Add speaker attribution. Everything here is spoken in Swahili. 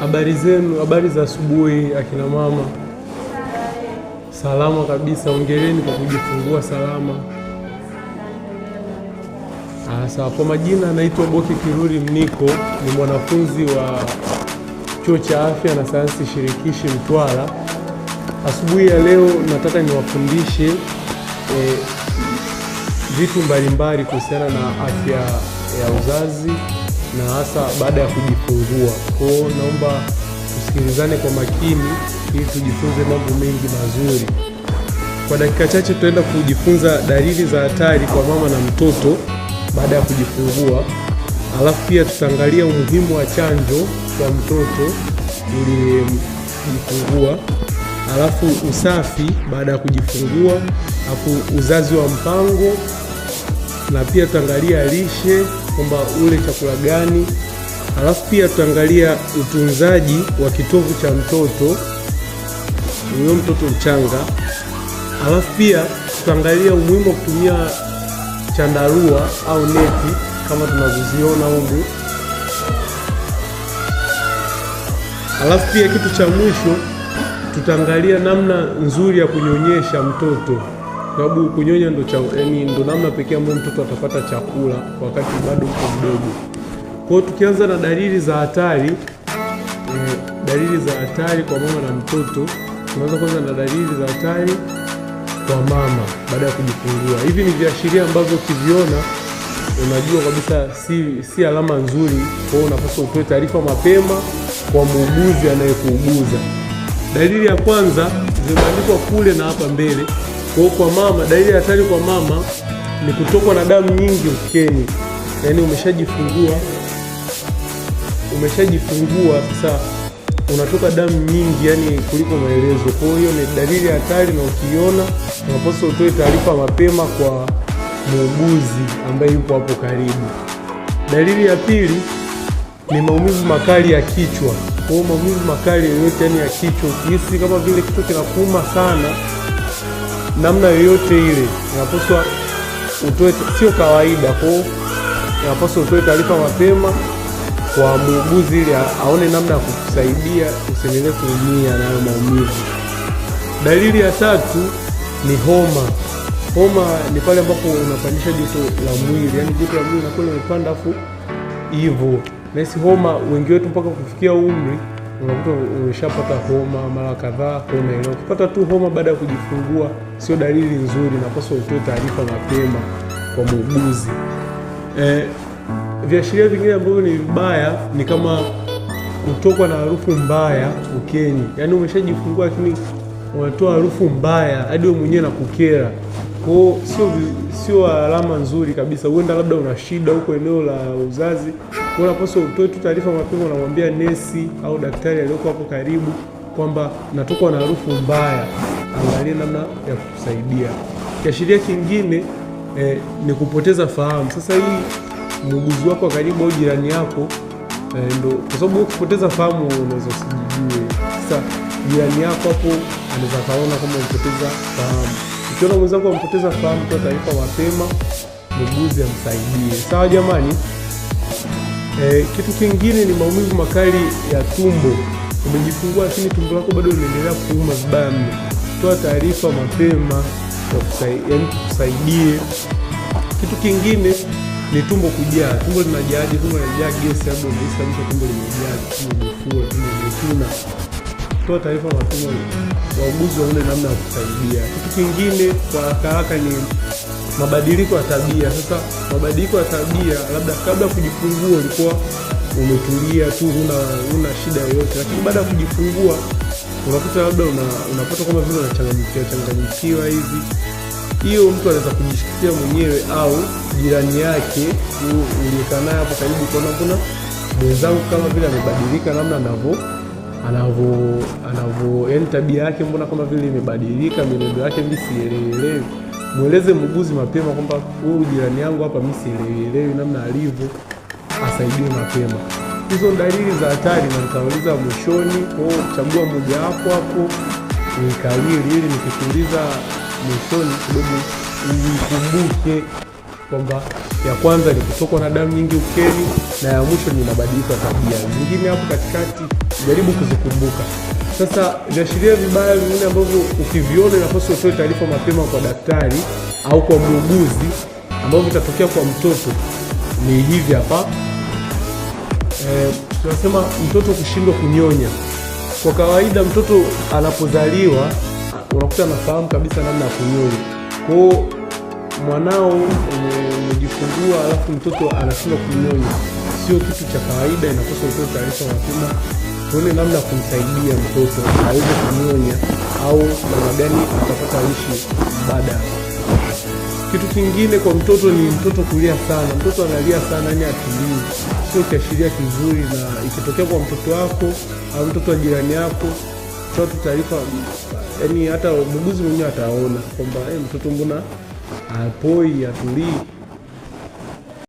Speaker 1: Habari zenu, habari za asubuhi akina mama. Salama kabisa, ongereni kwa kujifungua salama. Ah, sawa, kwa majina naitwa Boki Kiruri Mniko, ni mwanafunzi wa chuo cha afya na sayansi shirikishi Mtwara. Asubuhi ya leo nataka niwafundishe eh, vitu mbalimbali kuhusiana na afya ya uzazi na hasa baada ya kujifungua. Kwa hiyo naomba tusikilizane kwa makini ili tujifunze mambo mengi mazuri. Kwa dakika chache tutaenda kujifunza dalili za hatari kwa mama na mtoto baada ya kujifungua, alafu pia tutaangalia umuhimu wa chanjo kwa mtoto uliyejifungua, alafu usafi baada ya kujifungua, alafu uzazi wa mpango na pia tutaangalia lishe kwamba ule chakula gani, alafu pia tutaangalia utunzaji wa kitovu cha mtoto huyo mtoto mchanga, alafu pia tutaangalia umuhimu wa kutumia chandarua au neti kama tunavyoziona humu. Alafu pia kitu cha mwisho tutaangalia namna nzuri ya kunyonyesha mtoto sababu kunyonya ndo cha yani, ndo namna pekee ambayo mtoto atapata chakula wakati bado uko mdogo. Kwa hiyo tukianza na dalili za hatari eh, dalili za hatari kwa mama na mtoto, tunaanza kwanza na dalili za hatari kwa mama baada ya kujifungua. Hivi ni viashiria ambavyo ukiviona unajua kabisa si, si alama nzuri. Kwa hiyo unapaswa utoe taarifa mapema kwa muuguzi anayekuuguza. Dalili ya kwanza zimeandikwa kule na hapa mbele. Kwa kwa mama, dalili ya hatari kwa mama ni kutokwa na damu nyingi ukeni, yaani umeshajifungua, umeshajifungua sasa unatoka damu nyingi, yani kuliko maelezo. Kwa hiyo ni dalili ya hatari, na ukiiona unapaswa utoe taarifa mapema kwa muuguzi ambaye yupo hapo karibu. Dalili ya pili ni maumivu makali ya kichwa. Kwa hiyo maumivu makali yoyote, yani ya kichwa, ukihisi kama vile kichwa kinakuuma sana namna yoyote ile, inapaswa utoe, sio kawaida ko inapaswa utoe taarifa mapema kwa muuguzi ili aone namna ya kukusaidia usiendelee kuumia nayo maumivu. Dalili ya tatu ni homa. Homa ni pale ambapo unapandisha joto la mwili, yani joto la mwili linakuwa limepanda afu hivyo nahisi homa. Wengi wetu mpaka kufikia umri unakuta ulishapata homa mara kadhaa, homa ile. Ukipata tu homa baada ya kujifungua sio dalili nzuri, napaswa utoe taarifa mapema kwa muuguzi. Eh, viashiria vingine ambavyo ni vibaya ni kama kutokwa na harufu mbaya ukeni, yaani umeshajifungua lakini unatoa harufu mbaya hadi wewe mwenyewe kukera Kwao sio sio alama nzuri kabisa. Huenda labda una shida huko eneo la uzazi, kwa unapaswa utoe tu taarifa mapema, unamwambia nesi au daktari aliyoko hapo karibu kwamba natokwa na harufu mbaya, angalie namna ya kukusaidia. Kiashiria kingine eh, ni kupoteza fahamu. Sasa hii muuguzi wako wa karibu au jirani yako eh, ndo kwa sababu kupoteza fahamu unaweza usijijue. Sasa jirani yako hapo anaweza kaona kama umepoteza fahamu Ukiona mwenzangu amepoteza fahamu, toa taarifa mapema, muuguzi amsaidie. Sawa jamani. E, kitu kingine ni maumivu makali ya tumbo. Umejifungua lakini tumbo lako bado linaendelea kuuma vibaya mno, toa taarifa mapema yaani tukusaidie. Kitu kingine ni tumbo kujaa. Tumbo linajaaje? Tumbo linajaa gesi, tumbo limejaa, tumbo limefura, tumbo limefuna kutoa taarifa mapema, wauguzi waone namna ya kusaidia. Kitu kingine kwa haraka ni mabadiliko ya tabia. Sasa mabadiliko ya tabia, labda kabla ya kujifungua ulikuwa umetulia tu, huna huna shida yoyote, lakini baada ya kujifungua unakuta labda una, unapata kama vile unachanganyikiwa changanyikiwa hivi. Hiyo mtu anaweza kujisikia mwenyewe au jirani yake uliyekaa hapo karibu, kuona kuna mwenzangu kama vile amebadilika namna anavyo anavyo anavyo, yani tabia yake mbona kama vile imebadilika, mwenendo wake mimi sielewelewi. Mweleze muguzi mapema kwamba huyu jirani yangu hapa mimi sielewelewi namna alivyo, asaidie mapema. Hizo dalili za hatari na nitauliza mwishoni, kwa oh, chagua moja wapo hapo nikalili, ili nikikuuliza mwishoni kidogo nikumbuke kwamba ya kwanza ni kutokwa na damu nyingi ukeni na ya mwisho ni mabadiliko ya tabia. Nyingine hapo katikati jaribu kuzikumbuka. Sasa viashiria vibaya vingine ambavyo ukiviona inapaswa utoe taarifa mapema kwa daktari au kwa muuguzi, ambavyo vitatokea kwa mtoto ni hivi hapa. E, tunasema mtoto kushindwa kunyonya. Kwa kawaida mtoto anapozaliwa unakuta anafahamu kabisa namna ya kunyonya, kwao mwanao e, umejifungua alafu mtoto anashindwa kunyonya, sio kitu cha kawaida, inakosa utoe taarifa mapema, tuone namna ya kumsaidia mtoto aweze kunyonya au mama gani atapata baada ya Kitu kingine kwa mtoto ni mtoto kulia sana. Mtoto analia sana, ni yaani atulii, sio kiashiria kizuri, na ikitokea kwa mtoto wako au mtoto wa jirani yako tatu taarifa, yani hata muguzi mwenyewe ataona kwamba hey, eh, mtoto mbona apoi atulii.